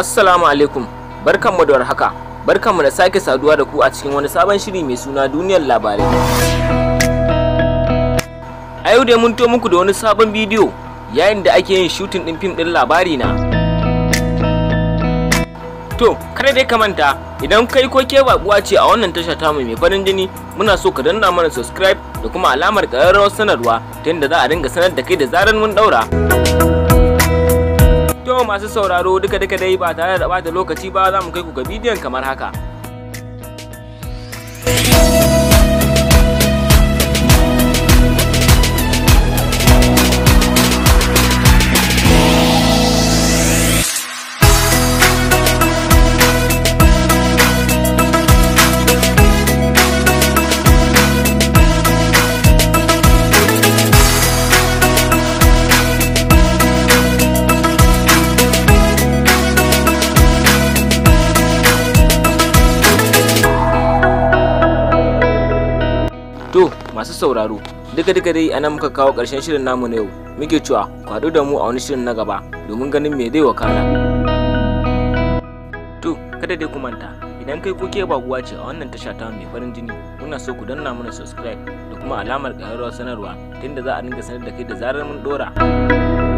Assalamu alaikum, barkanmu da warhaka, barkanmu da sake saduwa da ku a cikin wani sabon shiri mai suna duniyar labarai. A yau dai mun to muku da wani sabon bidiyo yayin da ake yin shutin ɗin fim ɗin labari na. To, kada dai ka manta idan kai ko ke baƙuwa ce a wannan tasha tamu mai farin jini muna so ka danna mana subscribe da kuma alamar ƙararrawar sanarwa ta yadda za a dinga sanar da kai da zarar mun ɗaura. masu sauraro duka-duka dai ba tare da bata lokaci ba za mu kai ku ga bidiyon kamar haka. masu sauraro duka duka dai anan muka kawo karshen shirin namu na yau muke cewa hadu da mu a wani shirin na gaba domin ganin me zai wakana to kada dai ku manta idan kai ko ke baguwa ce a wannan tasha ta mai farin jini muna so ku danna mana subscribe da kuma alamar ƙararrawar sanarwa tunda za a dinga sanar da kai da zarar mun dora